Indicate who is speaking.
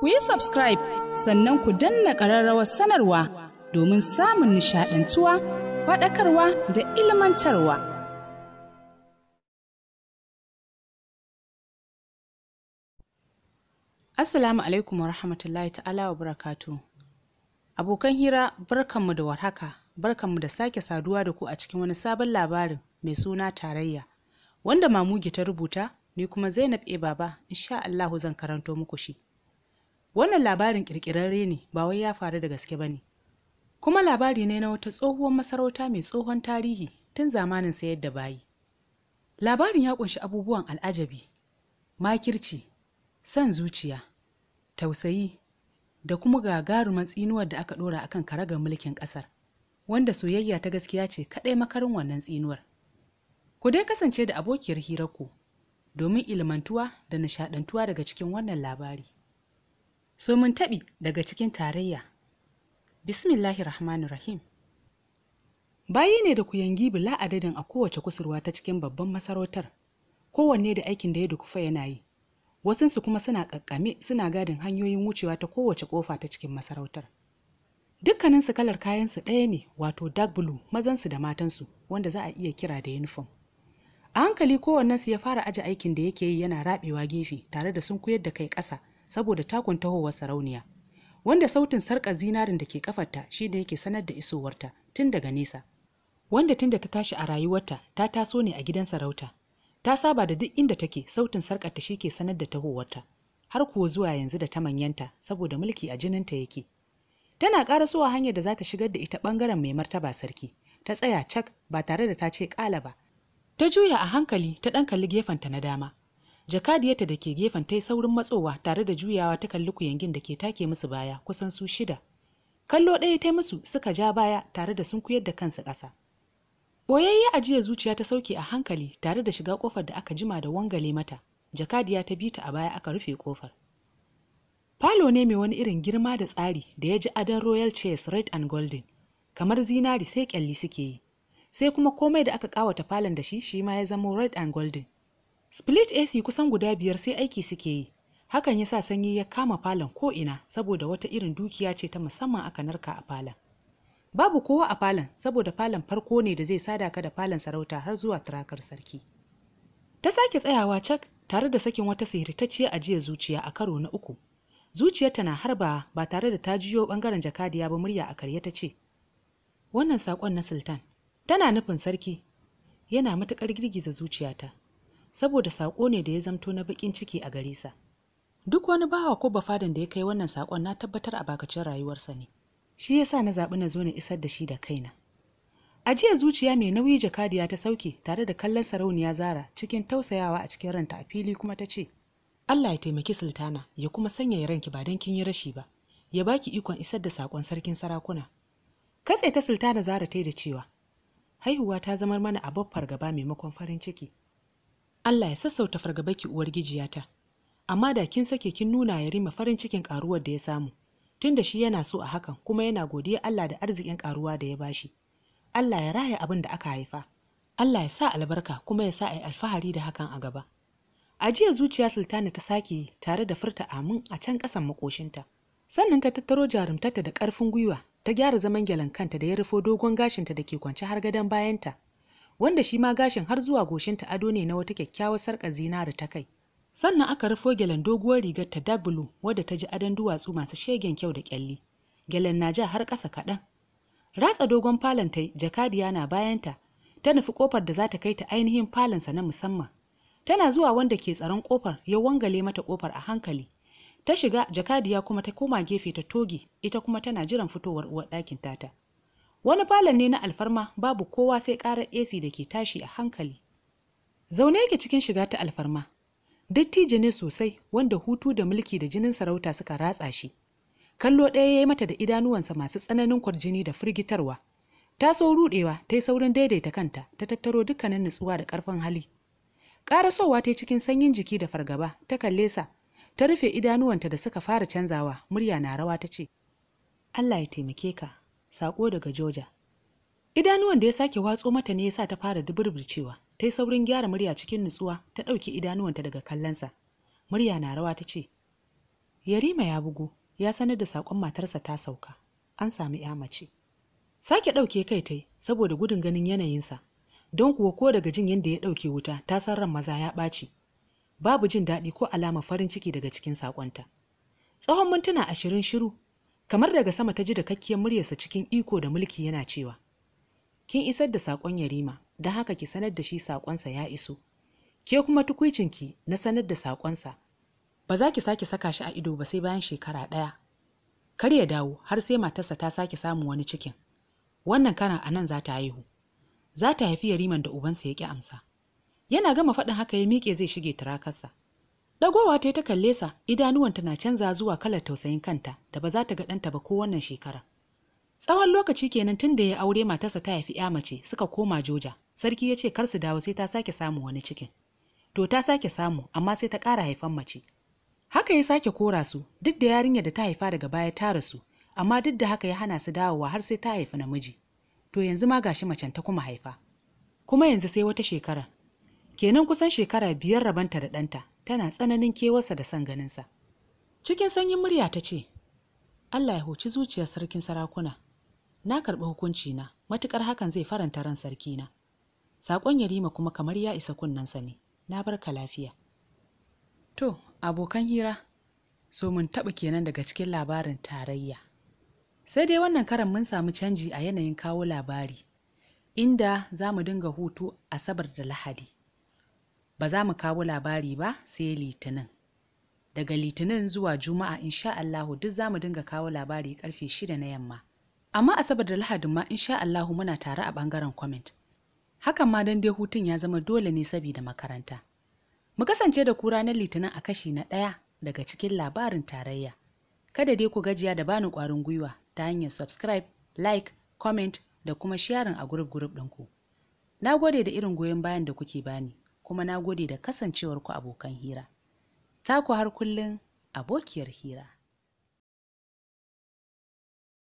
Speaker 1: ku yi subscribe sannan ku danna ƙararrawar sanarwa domin samun nishaɗantuwa faɗakarwa da ilmantarwa. Assalamu alaikum wa rahmatullahi ta'ala wa barakatu. Abokan hira barkanmu da warhaka, barkanmu da sake saduwa da ku a cikin wani sabon labarin mai suna tarayya, wanda mamugi ta rubuta, ni kuma Zainab E Baba, insha Allahu zan karanto muku shi. wannan labarin ƙirƙirarre ne ba wai ya faru da gaske ba ne kuma labari ne na wata tsohuwar masarauta mai tsohon tarihi tun zamanin sayar da bayi labarin ya ƙunshi abubuwan al'ajabi makirci son zuciya tausayi da kuma gagaruman tsinuwar da aka ɗora akan karagar mulkin ƙasar wanda soyayya ta gaskiya ce kaɗai makarin wannan tsinuwar ku dai kasance da abokiyar hirar ku domin ilmantuwa da nishaɗantuwa daga cikin wannan labari so mun taɓi daga cikin tarayya bismillahi rahmanu rahim bayi ne da ku yangi bila adadin a kowace kusurwa ta cikin babban masarautar kowanne da aikin da ya dukufa yana yi wasunsu kuma suna ƙaƙƙame, suna gadin hanyoyin wucewa ta kowace ƙofa ta cikin masarautar dukkaninsu kalar kayansu ɗaya ne wato dark blue mazansu da matansu wanda za a iya kira da uniform a hankali kowannensu ya fara aje aikin da yake yi yana rabewa gefe tare da sun koyar da kai ƙasa saboda takun tahowar sarauniya wanda sautin sarƙar zinarin da ke kafarta shi da yake sanar da isowarta tun daga nesa wanda tun da ta tashi a rayuwarta ta taso ne a gidan sarauta ta saba da duk inda take sautin sarƙarta shi ke sanar da tahowarta har kuwa zuwa yanzu da ta manyanta saboda mulki a jininta yake tana ƙarasowa hanyar da za ta shigar da ita ɓangaren mai martaba sarki ta tsaya cak ba tare da ta ce ƙala ba ta juya a hankali ta ɗan kalli gefenta na dama jakadiyarta da ke gefen ta yi saurin matsowa tare da juyawa ta kalli ku kuyangin da ke take musu baya kusan su shida kallo ɗaya ta musu suka ja baya tare da sun kuyar da kansu ƙasa boyayye ajiya zuciya ta sauke a hankali tare da shiga ƙofar da aka jima da wangale mata jakadiya ta bi ta a baya aka rufe kofar falo ne mai wani irin girma da tsari da ya ji adon royal chairs red and golden kamar zinari sai kyalli suke yi sai kuma komai da aka kawata falon da shi shi ma ya zama red and golden split ac kusan guda biyar sai aiki suke yi hakan ya sa sanyi ya kama falon ko'ina saboda wata irin dukiya ce ta musamman aka narka a falon babu kowa a falon saboda falon farko ne da zai sada ka da falon sarauta har zuwa turakar sarki ta sake tsayawa cak tare da sakin wata sihirtacciya ajiya zuciya a karo na uku zuciyarta na harba ba tare da ta jiyo bangaren jakadiya ba murya a karye ta ce wannan sakon na sultan tana nufin sarki yana matuƙar girgiza zuciyata saboda saƙo ne da ya zamto na baƙin ciki a gare sa duk wani bawa ko bafadan da ya kai wannan saƙon na tabbatar a bakacin rayuwarsa ne shi yasa na zaɓi na zo na isar da shi da kaina a jiya zuciya mai nauyi jakadiya ta sauke tare da kallon sarauniya zara cikin tausayawa a cikin ranta a fili kuma ta ce allah ya taimaki sultana ya kuma sanya ranki ba don kin yi rashi ba ya baki ikon isar da saƙon sarkin sarakuna katse ta sultana zara ta da cewa haihuwa ta zamar mana a baffar gaba maimakon farin ciki Allah ya sassauta fargaba ki uwar gijiyata. Amma da kin sake kin nuna ya rima farin cikin karuwar da ya samu. Tun da shi yana so a hakan kuma yana godiya Allah da arzikin karuwa da ya bashi. Allah ya raya abin da aka haifa. Allah ya sa albarka kuma ya sa a alfahari da hakan a gaba. A jiya zuciya Sultana ta sake tare da furta amin a can ƙasan makoshinta. Sannan ta tattaro jarumtarta da ƙarfin gwiwa ta gyara zaman gyalan kanta da ya rufo dogon gashinta da ke kwance har gadon bayanta. wanda shi ma gashin har zuwa goshin ta ado ne na wata kyakkyawar sarƙa zinari ta kai sannan aka rufo gyalen doguwar rigar ta dark blue wadda ta ji adon duwatsu masu shegen kyau da kyalli gyalen na ja har ƙasa kaɗan ratsa dogon falon ta jakadiya na bayanta ta nufi kofar da za ta kai ta ainihin falonsa na musamman tana zuwa wanda ke tsaron kofar ya wangale mata kofar a hankali ta shiga jakadiya kuma ta koma gefe ta toge ita kuma tana jiran fitowar uwar ɗakin tata wani falon ne na alfarma babu kowa sai karar ac da ke tashi a hankali zaune yake cikin shiga ta alfarma dattijo ne sosai wanda hutu da mulki da jinin sarauta suka ratsa shi kallo ɗaya ya yi mata da idanuwansa masu tsananin kwarjini da firgitarwa ta so ruɗewa ta yi saurin daidaita kanta ta tattaro dukkanin nutsuwa da ƙarfin hali Ƙara sowa ta yi cikin sanyin jiki da fargaba ta kalle sa ta rufe idanuwanta da suka fara canzawa murya na rawa ta ce allah ya taimake ka Sako daga Georgia. Idanuwan da ya sake watso mata ne ya sa ta fara duburburcewa. Ta yi saurin gyara murya cikin nutsuwa ta ɗauki idanuwanta daga kallonsa. Murya na rawa ta ce, Yarima ya bugu, ya sanar da saƙon matarsa ta sauka. An sami ya mace. Sake ɗauke kai ta saboda gudun ganin yanayinsa. Don kuwa ko daga jin yadda ya ɗauke wuta ta san ran maza ya ɓaci. Babu jin daɗi ko alama farin ciki daga cikin saƙonta. Tsawon mintuna ashirin shiru kamar daga sama ta ji da kakkiyar muryarsa cikin iko da mulki yana cewa kin isar da saƙon yarima don haka ki sanar da shi saƙonsa ya iso ke kuma tukuicinki na sanar da saƙonsa ba za ki sake saka shi a ido ba sai bayan shekara ɗaya kar ya dawo har sai matarsa ta sake samun wani cikin wannan karan a nan za ta haihu za ta haifi yariman da ubansa ya ƙi amsa yana gama faɗin haka ya miƙe zai shige turakarsa Dagowa ta yi ta kalle sa, idanuwanta na canza zuwa kalar tausayin kanta da ba za ta ga ɗanta ba ko wannan shekara. Tsawon lokaci kenan tun da ya aure matarsa ta haifi ya mace suka koma Joja. Sarki ya ce kar su dawo sai ta sake samu wani cikin. To ta sake samu amma sai ta ƙara haifan mace. Haka ya sake kora su duk da yarinyar da ta haifa daga baya ta rasu amma duk da haka ya hana su dawowa har sai ta haifi namiji. To yanzu ma gashi macen ta kuma haifa. Kuma yanzu sai wata shekara. Kenan kusan shekara biyar rabanta da ɗanta tana tsananin kewarsa da son ganinsa cikin sanyin murya ta ce allah ya hoci zuciyar sarkin sarakuna na karɓi hukunci na matuƙar hakan zai faranta ran sarkina saƙon yarima kuma kamar ya isa kunnensa ne na bar ka lafiya to abokan hira so mun taɓa kenan daga cikin labarin tarayya sai dai wannan karan mun samu canji a yanayin kawo labari inda za mu dinga hutu asabar da lahadi ba za mu kawo labari ba sai litinin daga litinin zuwa juma'a insha Allahu duk za mu dinga kawo labari karfe shida na yamma amma asabar da lahadin ma insha Allahu muna tare a bangaren comment hakan ma dan dai hutun ya zama dole ne saboda makaranta mu kasance da kura na litinin a kashi na ɗaya daga cikin labarin tarayya kada dai ku gajiya da bani kwarin gwiwa ta hanyar subscribe like comment da kuma sharing a gurup group ku. na gode da irin goyon bayan da kuke bani kuma na gode da kasancewarku abokan hira. Taku har kullum abokiyar hira.